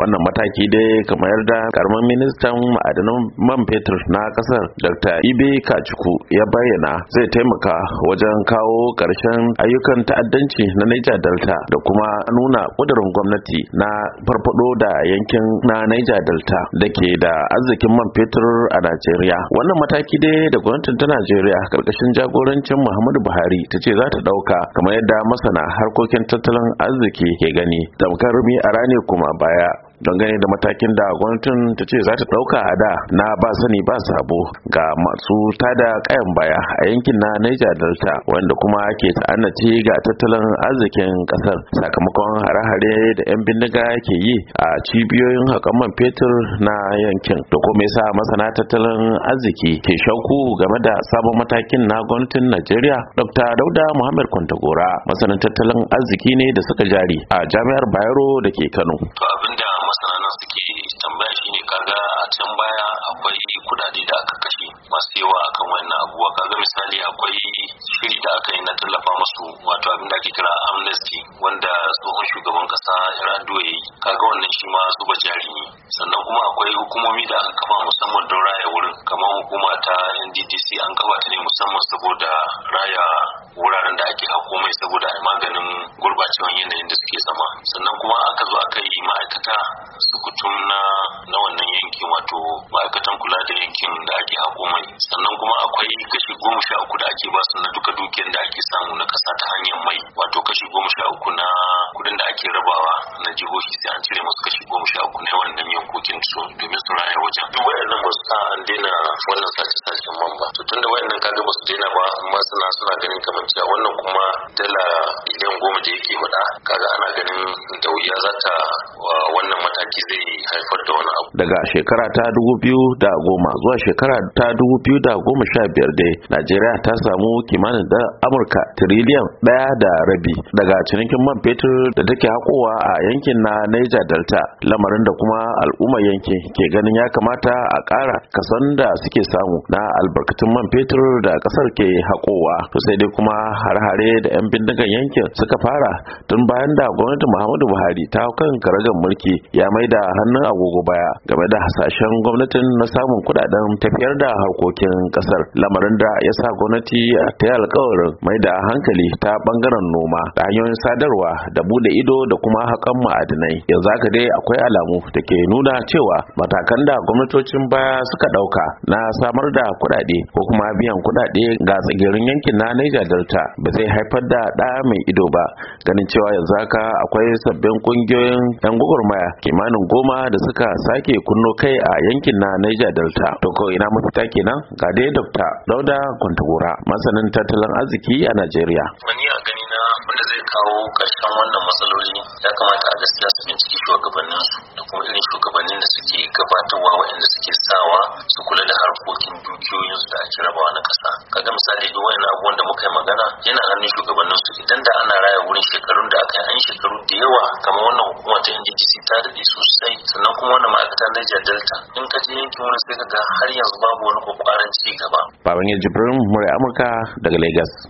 wannan mataki dai kamar da karamin ministan ma'adanan man fetur na kasar dr ibe kacuku ya bayyana zai taimaka wajen kawo karshen ayyukan ta'addanci na niger delta da kuma nuna kudurin gwamnati na farfado da yankin na niger delta da ke da arzikin man fetur a najeriya wannan mataki dai da gwamnatin ta najeriya karkashin jagorancin muhammadu buhari ta ce za ta dauka kamar yadda masana harkokin tattalin arziki ke gani tamkar mi a rane kuma baya dangane da matakin da gwamnatin ta ce za ta ɗauka a da na ba sani ba sabo ga masu tada kayan baya a yankin na Niger Delta wanda kuma ke ta'annace ga tattalin arzikin ƙasar sakamakon hare-hare da 'yan bindiga ke yi a cibiyoyin hakaman fetur na yankin da kuma yasa masana tattalin arziki ke shauku game da sabon matakin na gwamnatin Najeriya Dr. Dauda Muhammad Kwantagora masanin tattalin arziki ne da suka jari a jami'ar Bayero da ke Kano. Abinda suke tambaya shine kaga a can baya akwai kudade da aka kashe masu yawa akan wannan abuwa kaga misali akwai shiri da aka yi na tallafa masu wato abin da ake kira amnesty wanda tsohon shugaban kasa Yar'adua ya yi kaga wannan shi ma zuba jari ne sannan kuma akwai hukumomi da aka kafa musamman don raya wurin kamar hukuma ta NDDC an kafa ta ne musamman saboda raya wuraren da ake hako mai saboda maganin gurbacewan yanayin da suke zama sannan kuma aka zo aka ma'aikata su kutum na na wannan yankin wato ma'aikatan kula da yankin da ake hako mai sannan kuma akwai kashi goma sha uku da ake basu na duka dukiyar da ake samu na kasa ta hanyar mai wato kashi goma sha uku na kudin da ake rabawa na jihohi sai an cire musu kashi goma sha uku na wannan yankokin su domin su raya wajen duk wayannan ba su an daina wannan sace sacen man ba to tunda wayannan kaga ba su daina ba amma suna suna ganin kamar cewa wannan kuma dala miliyan goma da yake kaga ana ganin da wuya za ta wannan mataki zai haifar da wani abu daga shekara ta dubu biyu da goma zuwa shekara ta dubu biyu da goma sha biyar dai najeriya ta samu kimanin da amurka tiriliyan ɗaya da rabi daga cinikin man fetur da take haƙowa a yankin na niger delta lamarin da kuma al'ummar yankin ke ganin ya kamata a ƙara kasan da suke samu na albarkatun man fetur da ƙasar ke haƙowa, to sai dai kuma har-hare da 'yan bindigan yankin suka fara tun bayan da gwamnatin Muhammadu Buhari ta kan karagar mulki ya maida hannun agogo baya game da hasashen gwamnatin na samun kudaden tafiyar da harkokin kasar lamarin da ya sa gwamnati ta yi alkawarin maida hankali ta bangaren noma da hanyoyin sadarwa da bude ido da kuma hakan ma'adinai yanzu haka dai akwai alamu da ke nuna cewa matakan da gwamnatocin baya suka ɗauka na samar da kuɗaɗe ko kuma biyan kuɗaɗe ga tsigirin yankin na Niger Delta ba zai haifar da ɗa mai ido ba ganin cewa yanzu haka akwai sabbin kungiyoyin yan gwagwarmaya kimanin goma da suka sake kunno kai a yankin na Niger Delta to ko ina mafita kenan ga dai Dr. Dauda Kwantagora masanin tattalin arziki a Najeriya wani a gani na wanda zai kawo karshen wannan matsaloli ya kamata a gaskiya su binciki shugabannin su da kuma irin shugabannin da suke gabatarwa waɗanda suke sawa su kula da harkokin dukiyoyin su da ake rabawa na ƙasa kaga misali duk wani abubuwan da muka yi magana yana hannun shugabannin su idan da ana ta Niger Delta in ka je yankin wani sai ka ga har yanzu babu wani kwakwaran ci gaba. Babban Jibrin Murai Amurka daga Lagos.